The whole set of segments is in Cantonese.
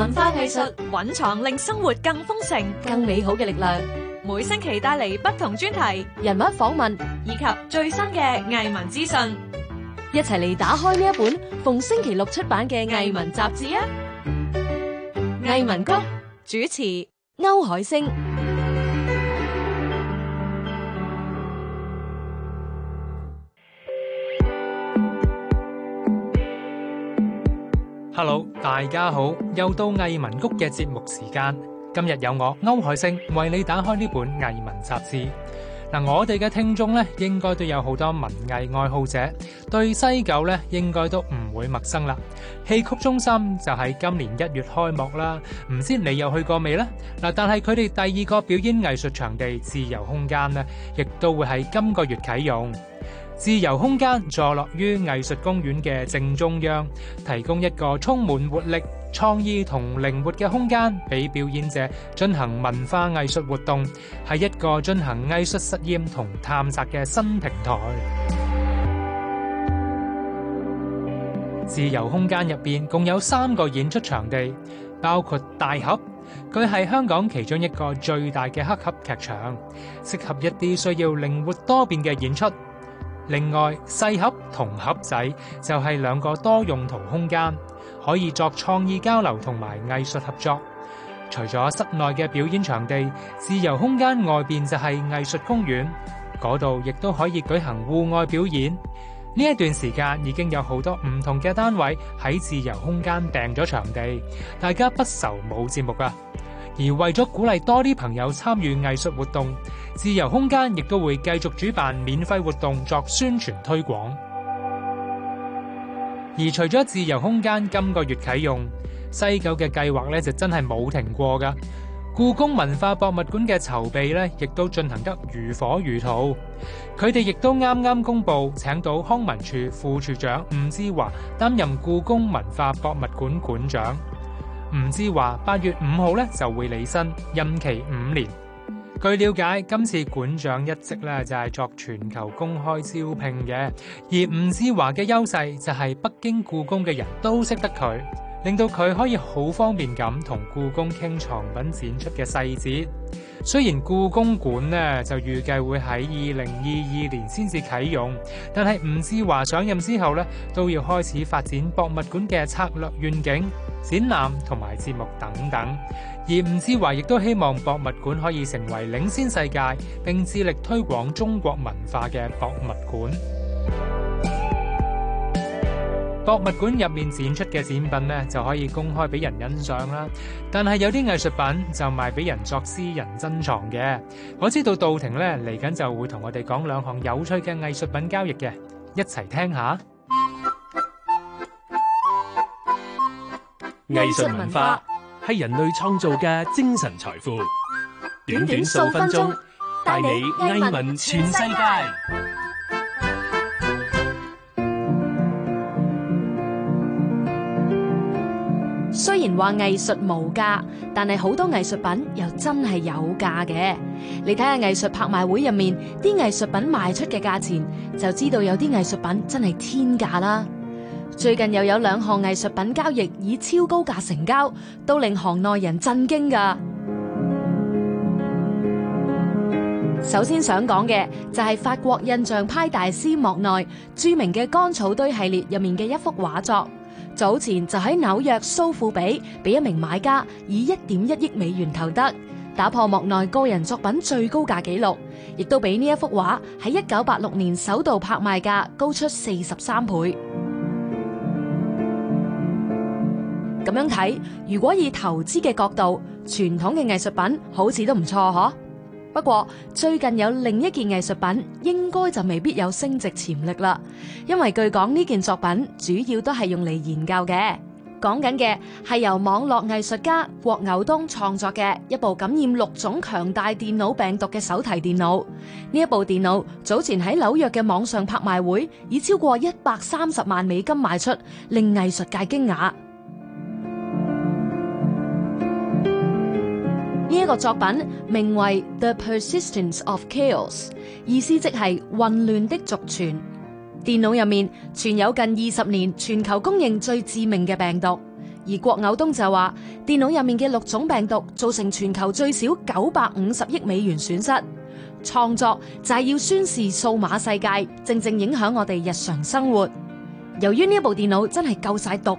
文化藝術蘊藏令生活更豐盛、更美好嘅力量，每星期帶嚟不同專題、人物訪問以及最新嘅藝文資訊，一齊嚟打開呢一本逢星期六出版嘅藝文雜誌啊！藝文谷主持區凱聲。hello，大家好，又到藝文谷嘅節目時間。今日有我區凱聲為你打開呢本藝文雜誌。嗱，我哋嘅聽眾咧，應該都有好多文藝愛好者，對西九咧應該都唔會陌生啦。戲曲中心就喺今年一月開幕啦，唔知你又去過未呢？嗱，但係佢哋第二個表演藝術場地自由空間呢，亦都會喺今個月啟用。自由空間坐落於藝術公園嘅正中央，提供一個充滿活力、創意同靈活嘅空間，俾表演者進行文化藝術活動，係一個進行藝術實驗同探索嘅新平台。自由空間入邊共有三個演出場地，包括大盒，佢係香港其中一個最大嘅黑盒劇場，適合一啲需要靈活多變嘅演出。另外，細盒同盒仔就係兩個多用途空間，可以作創意交流同埋藝術合作。除咗室內嘅表演場地，自由空間外邊就係藝術公園，嗰度亦都可以舉行戶外表演。呢一段時間已經有好多唔同嘅單位喺自由空間訂咗場地，大家不愁冇節目㗎。而為咗鼓勵多啲朋友參與藝術活動，自由空間亦都會繼續主辦免費活動作宣傳推廣。而除咗自由空間今個月啟用，西九嘅計劃咧就真係冇停過噶。故宮文化博物館嘅籌備咧，亦都進行得如火如荼。佢哋亦都啱啱公布，請到康文署副處長吳之華擔任故宮文化博物館館長。吳志華八月五號咧就會履新，任期五年。據了解，今次館長一職咧就係作全球公開招聘嘅，而吳志華嘅優勢就係北京故宮嘅人都識得佢，令到佢可以好方便咁同故宮傾藏品展出嘅細節。雖然故宮館呢就預計會喺二零二二年先至啟用，但係吳志華上任之後咧都要開始發展博物館嘅策略、願景、展覽同埋節目等等。而吳志華亦都希望博物館可以成為領先世界，並致力推廣中國文化嘅博物館。博物館入面展出嘅展品呢，就可以公開俾人欣賞啦。但係有啲藝術品就賣俾人作私人珍藏嘅。我知道杜婷呢嚟緊就會同我哋講兩項有趣嘅藝術品交易嘅，一齊聽下。藝術文化係人類創造嘅精神財富，短短數分鐘帶你藝文全世界。雖然話藝術無價，但係好多藝術品又真係有價嘅。你睇下藝術拍賣會入面啲藝術品賣出嘅價錢，就知道有啲藝術品真係天價啦。最近又有兩項藝術品交易以超高價成交，都令行內人震驚噶。首先想講嘅就係法國印象派大師莫奈著名嘅《乾草堆》系列入面嘅一幅畫作。早前就喺紐約蘇富比，俾一名買家以一點一億美元投得，打破莫內個人作品最高價紀錄，亦都比呢一幅畫喺一九八六年首度拍賣價高出四十三倍。咁樣睇，如果以投資嘅角度，傳統嘅藝術品好似都唔錯，嗬。不過最近有另一件藝術品應該就未必有升值潛力啦，因為據講呢件作品主要都係用嚟研究嘅。講緊嘅係由網絡藝術家郭牛東創作嘅一部感染六種強大電腦病毒嘅手提電腦。呢一部電腦早前喺紐約嘅網上拍賣會以超過一百三十萬美金賣出，令藝術界驚訝。個作品名為《The Persistence of Chaos》，意思即係混亂的族傳。電腦入面存有近二十年全球公認最致命嘅病毒，而郭偶東就話：電腦入面嘅六種病毒造成全球最少九百五十億美元損失。創作就係要宣示數碼世界正正影響我哋日常生活。由於呢部電腦真係夠晒毒。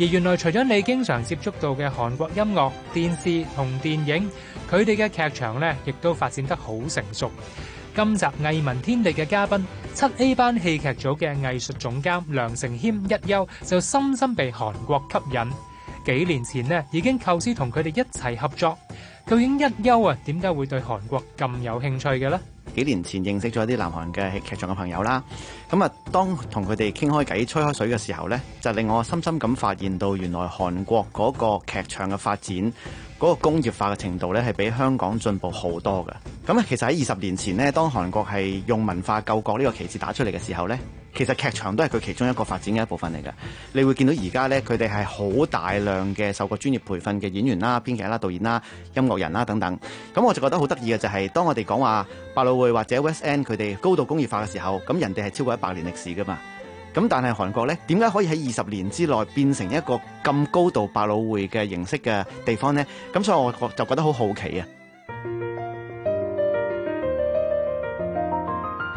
而原來除咗你經常接觸到嘅韓國音樂、電視同電影，佢哋嘅劇場呢，亦都發展得好成熟。今集藝文天地嘅嘉賓，七 A 班戲劇組嘅藝術總監梁承謙一休就深深被韓國吸引。幾年前呢，已經構思同佢哋一齊合作。究竟一休啊，點解會對韓國咁有興趣嘅呢？幾年前認識咗一啲南韓嘅劇場嘅朋友啦，咁啊當同佢哋傾開偈、吹開水嘅時候呢，就令我深深咁發現到原來韓國嗰個劇場嘅發展。嗰個工業化嘅程度咧，係比香港進步好多嘅。咁咧，其實喺二十年前呢，當韓國係用文化救國呢個旗幟打出嚟嘅時候呢，其實劇場都係佢其中一個發展嘅一部分嚟嘅。你會見到而家呢，佢哋係好大量嘅受過專業培訓嘅演員啦、編劇啦、導演啦、音樂人啦等等。咁我就覺得好得意嘅就係，當我哋講話百老匯或者 West End，佢哋高度工業化嘅時候，咁人哋係超過一百年歷史噶嘛。咁但係韓國咧，點解可以喺二十年之內變成一個咁高度百老匯嘅形式嘅地方呢？咁所以我覺就覺得好好奇啊！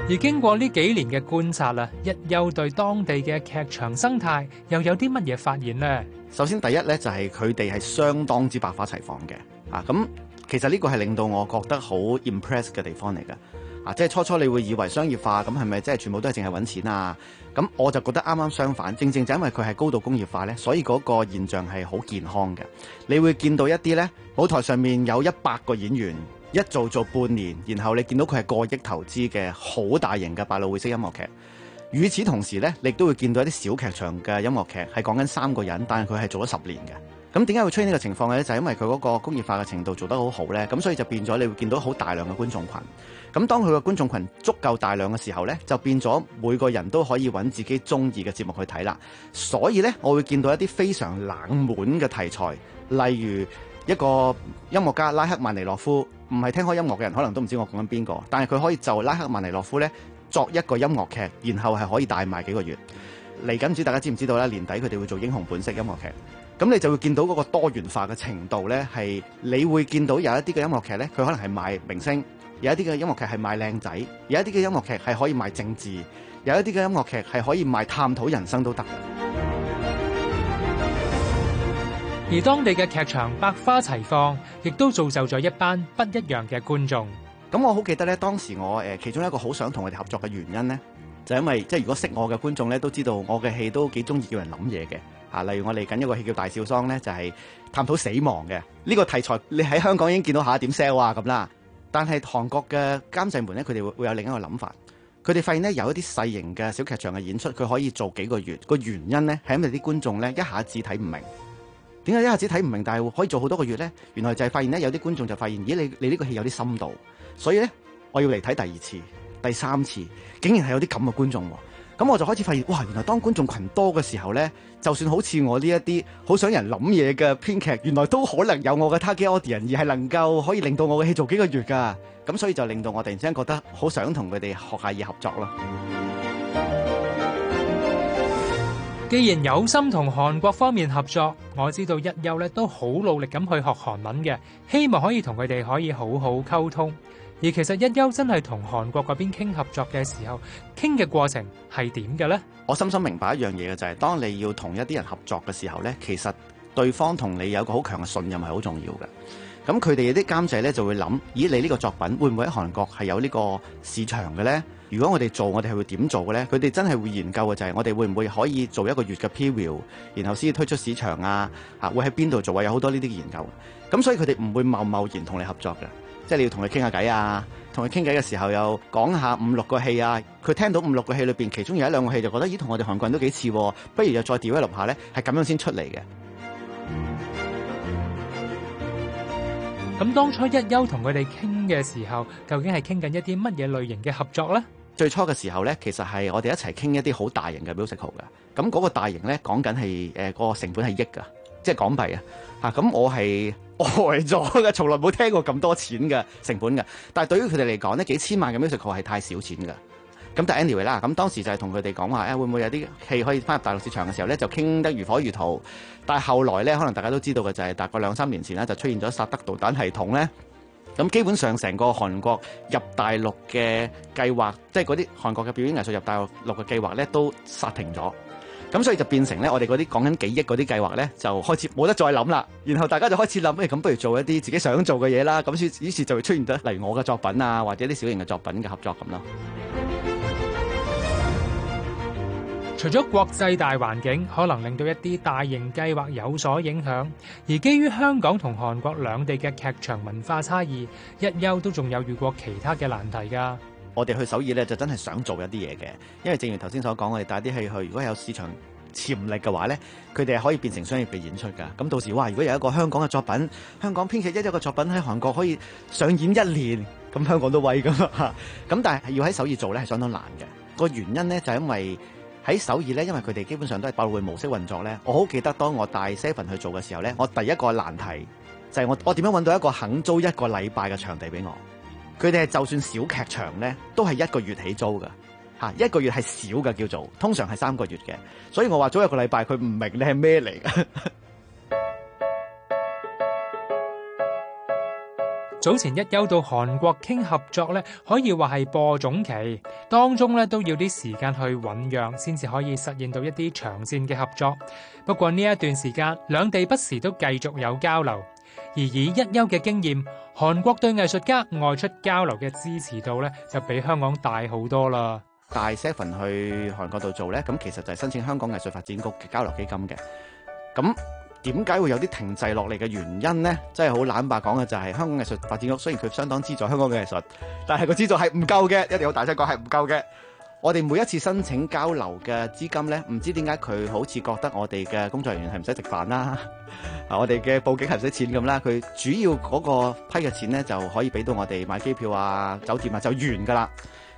而經過呢幾年嘅觀察啦，一休又對當地嘅劇場生態又有啲乜嘢發現呢？首先第一呢，就係佢哋係相當之百花齊放嘅啊！咁其實呢個係令到我覺得好 impress 嘅地方嚟㗎。啊！即係初初你會以為商業化咁，係咪即係全部都係淨係搵錢啊？咁我就覺得啱啱相反，正正就因為佢係高度工業化呢，所以嗰個現象係好健康嘅。你會見到一啲呢，舞台上面有一百個演員一做做半年，然後你見到佢係過億投資嘅好大型嘅百老匯式音樂劇。與此同時呢，你都會見到一啲小劇場嘅音樂劇係講緊三個人，但係佢係做咗十年嘅。咁點解會出現呢個情況嘅呢？就係因為佢嗰個工業化嘅程度做得好好呢。咁所以就變咗，你會見到好大量嘅觀眾群。咁當佢個觀眾群足夠大量嘅時候呢，就變咗每個人都可以揾自己中意嘅節目去睇啦。所以呢，我會見到一啲非常冷門嘅題材，例如一個音樂家拉克曼尼洛夫，唔係聽開音樂嘅人可能都唔知我講緊邊個，但係佢可以就拉克曼尼洛夫呢作一個音樂劇，然後係可以大賣幾個月。嚟緊唔知大家知唔知道呢？年底佢哋會做英雄本色音樂劇。咁你就會見到嗰個多元化嘅程度呢，係你會見到有一啲嘅音樂劇呢，佢可能係賣明星；有一啲嘅音樂劇係賣靚仔；有一啲嘅音樂劇係可以賣政治；有一啲嘅音樂劇係可以賣探討人生都得。而當地嘅劇場百花齊放，亦都造就咗一班不一樣嘅觀眾。咁我好記得呢，當時我誒其中一個好想同佢哋合作嘅原因呢，就係、因為即係、就係、如果識我嘅觀眾呢，都知道我嘅戲都幾中意叫人諗嘢嘅。啊，例如我嚟緊一個戲叫《大少桑》咧，就係、是、探討死亡嘅呢、這個題材。你喺香港已經見到下點 sell 啊咁啦。但係韓國嘅監製們咧，佢哋會會有另一個諗法。佢哋發現咧有一啲細型嘅小劇場嘅演出，佢可以做幾個月。個原因咧係因為啲觀眾咧一下子睇唔明，點解一下子睇唔明，但係可以做好多個月咧？原來就係發現咧有啲觀眾就發現，咦，你你呢個戲有啲深度，所以咧我要嚟睇第二次、第三次，竟然係有啲咁嘅觀眾喎、啊。咁我就開始發現，哇！原來當觀眾群多嘅時候呢，就算好似我呢一啲好想人諗嘢嘅編劇，原來都可能有我嘅 target audience，而係能夠可以令到我嘅戲做幾個月噶。咁所以就令到我突然之間覺得好想同佢哋學下嘢合作囉。既然有心同韓國方面合作，我知道一休呢都好努力咁去學韓文嘅，希望可以同佢哋可以好好溝通。而其實一休真係同韓國嗰邊傾合作嘅時候，傾嘅過程係點嘅呢？我深深明白一樣嘢嘅就係、是，當你要同一啲人合作嘅時候呢，其實對方同你有個好強嘅信任係好重要嘅。咁佢哋有啲監製呢，就會諗：咦，你呢個作品會唔會喺韓國係有呢個市場嘅呢？如果我哋做，我哋係會點做嘅呢？佢哋真係會研究嘅就係、是、我哋會唔會可以做一個月嘅 preview 然後先推出市場啊？嚇，會喺邊度做啊？有好多呢啲研究。咁所以佢哋唔會貿貿然同你合作嘅。即係你要同佢傾下偈啊，同佢傾偈嘅時候又講下五六個戲啊，佢聽到五六個戲裏邊，其中有一兩個戲就覺得咦，同我哋韓國人都幾似，啊，不如又再 develop 下咧，係咁樣先出嚟嘅。咁當初一休同佢哋傾嘅時候，究竟係傾緊一啲乜嘢類型嘅合作咧？最初嘅時候咧，其實係我哋一齊傾一啲好大型嘅 musical 噶，咁，那，嗰個大型咧講緊係誒嗰個成本係億噶，即，就，係，是，港幣啊，吓咁我係。害咗嘅，從來冇聽過咁多錢嘅成本嘅。但係對於佢哋嚟講呢，幾千萬嘅 musical 係太少錢㗎。咁但係 Anyway 啦，咁當時就係同佢哋講話，誒會唔會有啲戲可以翻入大陸市場嘅時候呢，就傾得如火如荼。但係後來呢，可能大家都知道嘅就係、是，大概兩三年前呢，就出現咗薩德導彈系統呢。咁基本上成個韓國入大陸嘅計劃，即係嗰啲韓國嘅表演藝術入大陸嘅計劃呢，都殺停咗。咁所以就變成咧，我哋嗰啲講緊幾億嗰啲計劃咧，就開始冇得再諗啦。然後大家就開始諗，誒咁，不如做一啲自己想做嘅嘢啦。咁於是就會出現咗，例如我嘅作品啊，或者啲小型嘅作品嘅合作咁咯。除咗國際大環境可能令到一啲大型計劃有所影響，而基於香港同韓國兩地嘅劇場文化差異，一休都仲有遇過其他嘅難題㗎。我哋去首爾咧，就真係想做一啲嘢嘅，因為正如頭先所講，我哋帶啲戲去，如果有市場潛力嘅話咧，佢哋係可以變成商業嘅演出噶。咁到時話，如果有一個香港嘅作品，香港編劇一一個作品喺韓國可以上演一年，咁香港都威噶嘛。咁但係要喺首爾做咧，係相當難嘅。個原因咧就係、因為喺首爾咧，因為佢哋基本上都係百老匯模式運作咧。我好記得當我帶 Seven 去做嘅時候咧，我第一個難題就係、是、我我點樣揾到一個肯租一個禮拜嘅場地俾我。佢哋就算小劇場咧，都係一個月起租噶嚇，一個月係少嘅叫做，通常係三個月嘅。所以我話早一個禮拜佢唔明你係咩嚟。早前一休到韓國傾合作咧，可以話係播種期，當中咧都要啲時間去醖釀，先至可以實現到一啲長線嘅合作。不過呢一段時間，兩地不時都繼續有交流，而以一休嘅經驗。韓國對藝術家外出交流嘅支持度咧，就比香港大好多啦。大 Seven 去韓國度做咧，咁其實就係申請香港藝術發展局嘅交流基金嘅。咁點解會有啲停滯落嚟嘅原因咧？真係好坦白講嘅就係、是、香港藝術發展局，雖然佢相當資助香港嘅藝術，但係個資助係唔夠嘅，一定要大聲講係唔夠嘅。我哋每一次申請交流嘅資金呢，唔知點解佢好似覺得我哋嘅工作人員係唔使食飯啦，啊我哋嘅報警係唔使錢咁啦，佢主要嗰個批嘅錢呢，就可以俾到我哋買機票啊、酒店啊就完噶啦。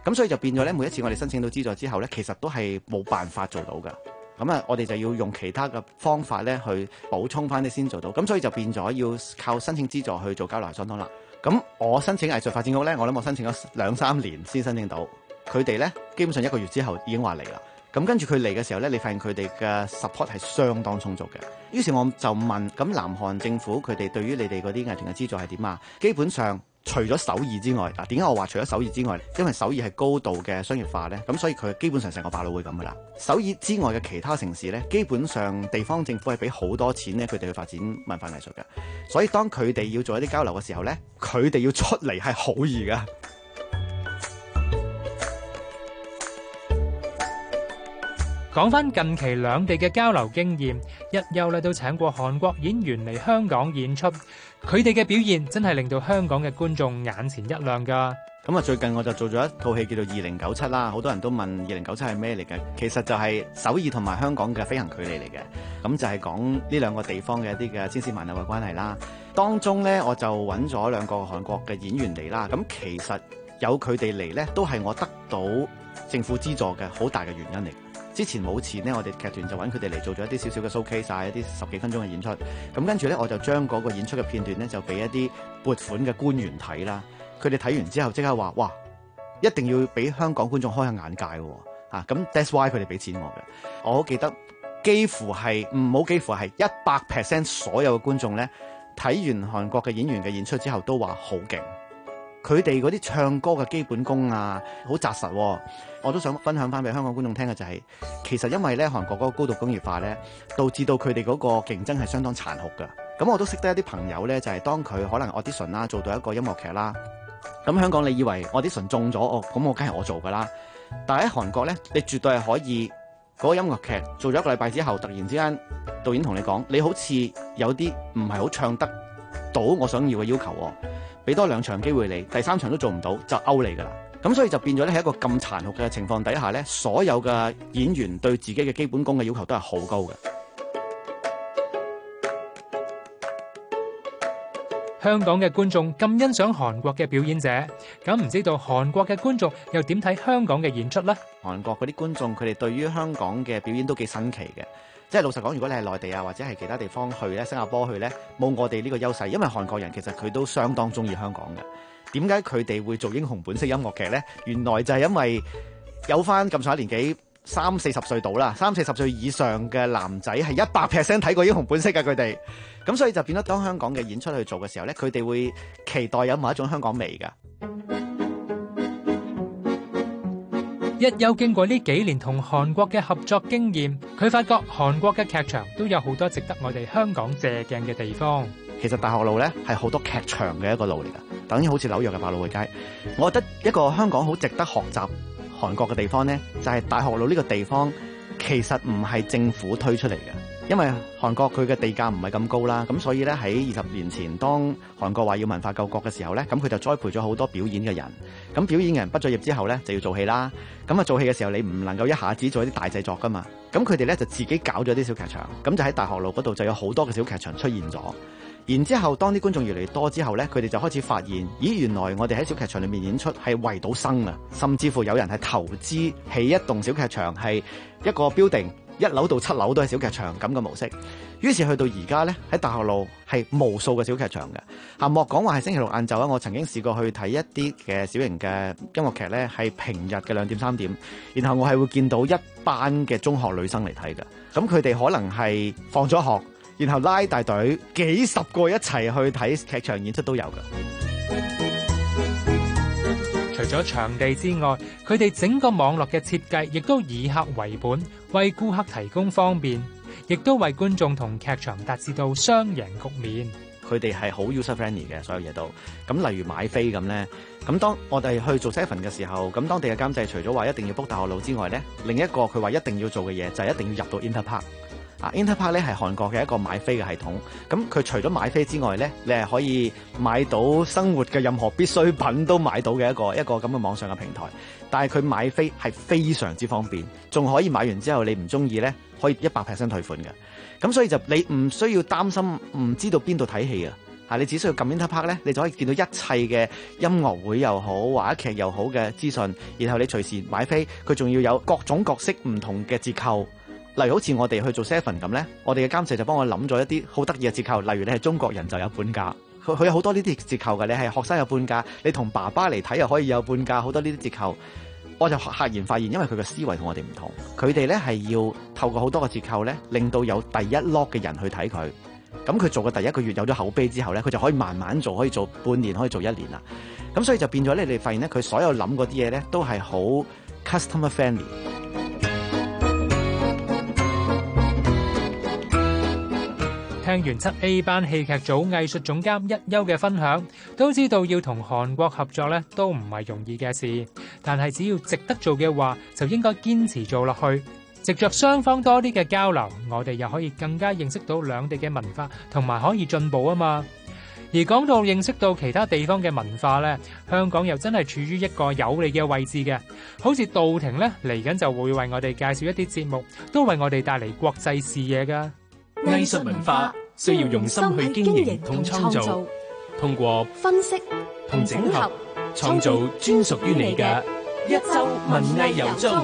咁所以就變咗呢，每一次我哋申請到資助之後呢，其實都係冇辦法做到㗎。咁啊，我哋就要用其他嘅方法呢去補充翻啲先做到。咁所以就變咗要靠申請資助去做交流相多啦。咁我申請藝術發展局呢，我諗我申請咗兩三年先申請到。佢哋呢基本上一個月之後已經話嚟啦，咁跟住佢嚟嘅時候呢你發現佢哋嘅 support 係相當充足嘅。於是我就問：咁南韓政府佢哋對於你哋嗰啲藝團嘅資助係點啊？基本上除咗首爾之外，嗱點解我話除咗首爾之外呢？因為首爾係高度嘅商業化呢。咁所以佢基本上成個百老匯咁噶啦。首爾之外嘅其他城市呢，基本上地方政府係俾好多錢呢，佢哋去發展文化藝術嘅。所以當佢哋要做一啲交流嘅時候呢，佢哋要出嚟係好易噶。講翻近期兩地嘅交流經驗，日又呢都請過韓國演員嚟香港演出，佢哋嘅表現真係令到香港嘅觀眾眼前一亮噶。咁啊，最近我就做咗一套戲叫做《二零九七》啦，好多人都問《二零九七》係咩嚟嘅，其實就係首爾同埋香港嘅飛行距離嚟嘅。咁就係講呢兩個地方嘅一啲嘅千絲萬縷嘅關係啦。當中呢，我就揾咗兩個韓國嘅演員嚟啦。咁其實有佢哋嚟呢，都係我得到政府資助嘅好大嘅原因嚟。之前冇錢咧，我哋劇團就揾佢哋嚟做咗一啲少少嘅 showcase 曬一啲十幾分鐘嘅演出。咁跟住咧，我就將嗰個演出嘅片段咧就俾一啲撥款嘅官員睇啦。佢哋睇完之後即刻話：哇，一定要俾香港觀眾開下眼界喎嚇。咁 that's why 佢哋俾錢我嘅。我記得幾乎係唔好，幾乎係一百 percent 所有嘅觀眾咧睇完韓國嘅演員嘅演出之後都話好勁。佢哋嗰啲唱歌嘅基本功啊，好紮實、啊。我都想分享翻俾香港觀眾聽嘅就係、是，其實因為咧韓國嗰個高度工業化咧，導致到佢哋嗰個競爭係相當殘酷㗎。咁、嗯、我都識得一啲朋友咧，就係、是、當佢可能 audition 啦，做到一個音樂劇啦。咁、嗯、香港，你以為 audition 中咗哦？咁我梗係我做㗎啦。但喺韓國咧，你絕對係可以嗰、那個、音樂劇做咗一個禮拜之後，突然之間導演同你講，你好似有啲唔係好唱得到我想要嘅要求、啊俾多兩場機會你，第三場都做唔到就勾你㗎喇。咁所以就變咗咧，喺一個咁殘酷嘅情況底下咧，所有嘅演員對自己嘅基本功嘅要求都係好高嘅。香港嘅觀眾咁欣賞韓國嘅表演者，咁唔知道韓國嘅觀眾又點睇香港嘅演出呢？韓國嗰啲觀眾佢哋對於香港嘅表演都幾新奇嘅。即係老實講，如果你係內地啊，或者係其他地方去咧，新加坡去咧，冇我哋呢個優勢，因為韓國人其實佢都相當中意香港嘅。點解佢哋會做《英雄本色》音樂劇呢？原來就係因為有翻咁上下年紀三四十歲到啦，三四十歲以上嘅男仔係一百 percent 睇過《英雄本色》噶，佢哋咁所以就變得當香港嘅演出去做嘅時候咧，佢哋會期待有某一種香港味噶。一休經過呢幾年同韓國嘅合作經驗，佢發覺韓國嘅劇場都有好多值得我哋香港借鏡嘅地方。其實大學路咧，係好多劇場嘅一個路嚟噶，等於好似紐約嘅百老匯街。我覺得一個香港好值得學習韓國嘅地方呢，就係大學路呢個地方，其實唔係政府推出嚟嘅。因為韓國佢嘅地價唔係咁高啦，咁所以呢，喺二十年前，當韓國話要文化救國嘅時候呢，咁佢就栽培咗好多表演嘅人。咁表演嘅人畢咗業之後呢，就要做戲啦。咁啊做戲嘅時候，你唔能夠一下子做一啲大製作㗎嘛。咁佢哋呢，就自己搞咗啲小劇場，咁就喺大學路嗰度就有好多嘅小劇場出現咗。然之後，當啲觀眾越嚟越多之後呢，佢哋就開始發現，咦，原來我哋喺小劇場裏面演出係為到生啊！甚至乎有人係投資起一棟小劇場，係一個 building。一樓到七樓都係小劇場咁嘅模式，於是去到而家呢，喺大學路係無數嘅小劇場嘅。啊，莫講話係星期六晏晝啦，我曾經試過去睇一啲嘅小型嘅音樂劇呢，係平日嘅兩點三點，然後我係會見到一班嘅中學女生嚟睇嘅。咁佢哋可能係放咗學，然後拉大隊幾十個一齊去睇劇場演出都有嘅。除咗場地之外，佢哋整個網絡嘅設計亦都以客為本，為顧客提供方便，亦都為觀眾同劇場達至到雙贏局面。佢哋係好 user friendly 嘅，所有嘢都咁，例如買飛咁呢。咁當我哋去做 seven 嘅時候，咁當地嘅監製除咗話一定要 book 大學路之外呢，另一個佢話一定要做嘅嘢就係一定要入到 Interpark。啊，Interpark 咧係韓國嘅一個買飛嘅系統，咁佢除咗買飛之外咧，你係可以買到生活嘅任何必需品都買到嘅一個一個咁嘅網上嘅平台。但係佢買飛係非常之方便，仲可以買完之後你唔中意咧，可以一百 percent 退款嘅。咁所以就你唔需要擔心唔知道邊度睇戲啊，吓你只需要撳 Interpark 咧，你就可以見到一切嘅音樂會又好、或者劇又好嘅資訊，然後你隨時買飛，佢仲要有各種各式唔同嘅折扣。例如好似我哋去做 Seven 咁咧，我哋嘅監製就幫我諗咗一啲好得意嘅折扣。例如你係中國人就有半價，佢佢有好多呢啲折扣嘅。你係學生有半價，你同爸爸嚟睇又可以有半價，好多呢啲折扣。我就嚇然發現，因為佢嘅思維同我哋唔同，佢哋咧係要透過好多個折扣咧，令到有第一 lock 嘅人去睇佢。咁佢做嘅第一個月有咗口碑之後咧，佢就可以慢慢做，可以做半年，可以做一年啦。咁所以就變咗咧，你發現咧，佢所有諗嗰啲嘢咧都係好 customer friendly。聽完七 A 班戲劇組藝術總監一休嘅分享，都知道要同韓國合作咧都唔係容易嘅事。但係只要值得做嘅話，就應該堅持做落去。藉着雙方多啲嘅交流，我哋又可以更加認識到兩地嘅文化，同埋可以進步啊嘛。而講到認識到其他地方嘅文化咧，香港又真係處於一個有利嘅位置嘅。好似道庭咧嚟緊就會為我哋介紹一啲節目，都為我哋帶嚟國際視野噶藝術文化。需要用心去經營同創造，通過分析同整合，創造專屬於你嘅一周文藝遊蹤。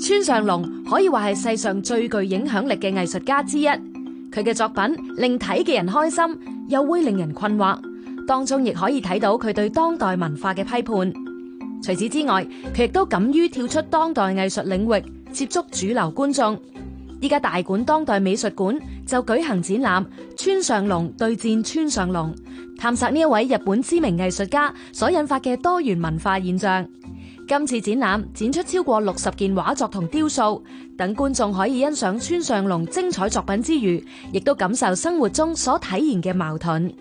村上隆可以話係世上最具影響力嘅藝術家之一，佢嘅作品令睇嘅人開心，又會令人困惑，當中亦可以睇到佢對當代文化嘅批判。除此之外，佢亦都敢於跳出當代藝術領域，接觸主流觀眾，依家大館當代美術館就舉行展覽《村上隆對戰村上隆》，探索呢一位日本知名藝術家所引發嘅多元文化現象。今次展覽展出超過六十件畫作同雕塑，等觀眾可以欣賞村上隆精彩作品之餘，亦都感受生活中所體現嘅矛盾。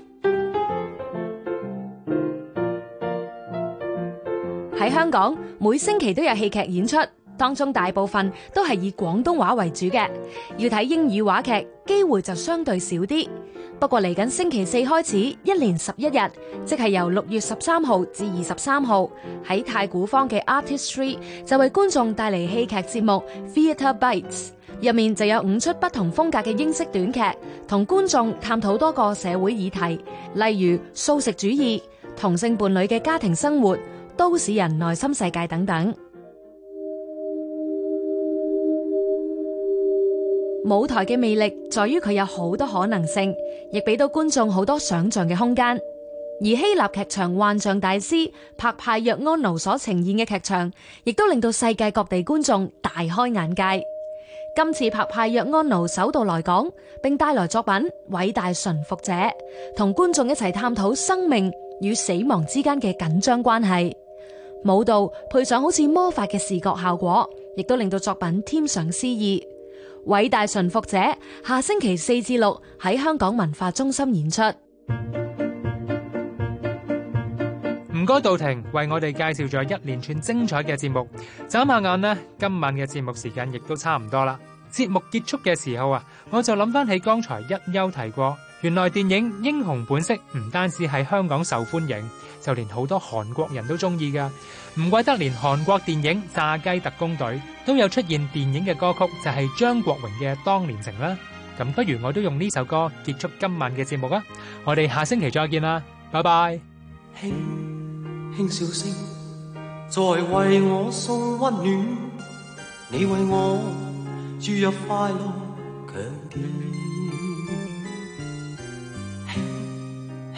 喺香港，每星期都有戲劇演出。當中大部分都係以廣東話為主嘅，要睇英語話劇機會就相對少啲。不過嚟緊星期四開始，一連十一日，即係由六月十三號至二十三號喺太古坊嘅 Artistry 就為觀眾帶嚟戲劇節目 Theater Bites，入面就有五出不同風格嘅英式短劇，同觀眾探討多個社會議題，例如素食主義、同性伴侶嘅家庭生活、都市人內心世界等等。舞台嘅魅力在於佢有好多可能性，亦俾到觀眾好多想象嘅空間。而希臘劇場幻象大師帕派若安奴所呈現嘅劇場，亦都令到世界各地觀眾大開眼界。今次帕派若安奴首度來港，並帶來作品《偉大馴服者》，同觀眾一齊探討生命與死亡之間嘅緊張關係。舞蹈配上好似魔法嘅視覺效果，亦都令到作品添上詩意。偉大馴服者下星期四至六喺香港文化中心演出，唔該道庭為我哋介紹咗一連串精彩嘅節目。眨下眼咧，今晚嘅節目時間亦都差唔多啦。節目結束嘅時候啊，我就諗翻起剛才一休提過。原來電影《英雄本色》唔單止喺香港受歡迎，就連好多韓國人都中意噶，唔怪得連韓國電影《炸雞特工隊》都有出現電影嘅歌曲，就係張國榮嘅《當年情》啦。咁不如我都用呢首歌結束今晚嘅節目吖，我哋下星期再見啦，拜拜。輕輕笑聲，在為我送溫暖，你為我注入快樂強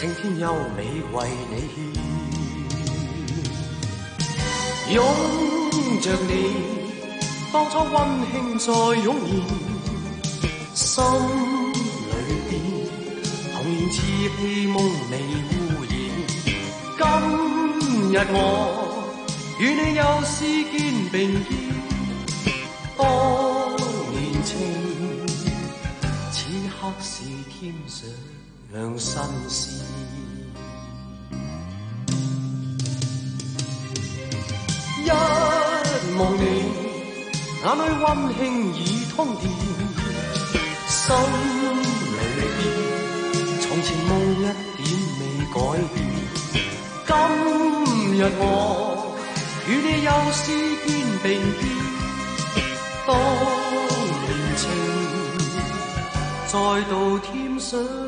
青天優美為你獻，擁着你，當初溫馨再湧現，心裏邊童年稚氣夢未污染。今日我與你又試肩並肩，當年情此刻是添上。兩心事一望你，眼裏溫馨已通電，心裏從前夢一點未改變。今日我與你又試肩並肩，當年情再度添上。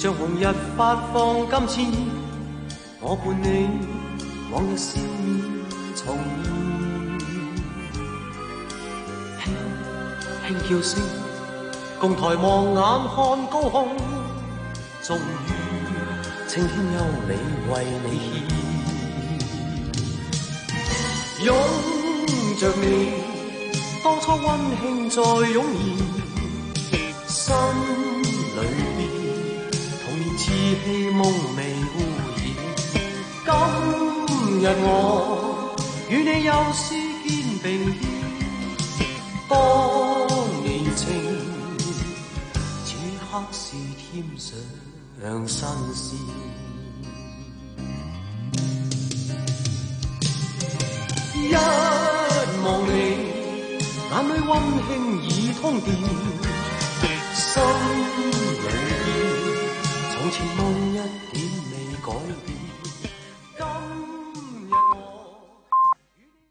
像紅日發放金箭，我伴你往日笑面重現，輕輕叫聲，共抬望眼看高空，終於青天有你為你獻，擁着你當初溫馨再湧現，心。依稀夢寐已，今日我與你又試肩並肩。當年情，此刻是添上新事，一望你，眼裏溫馨已通電，心裏。似夢一點未改變。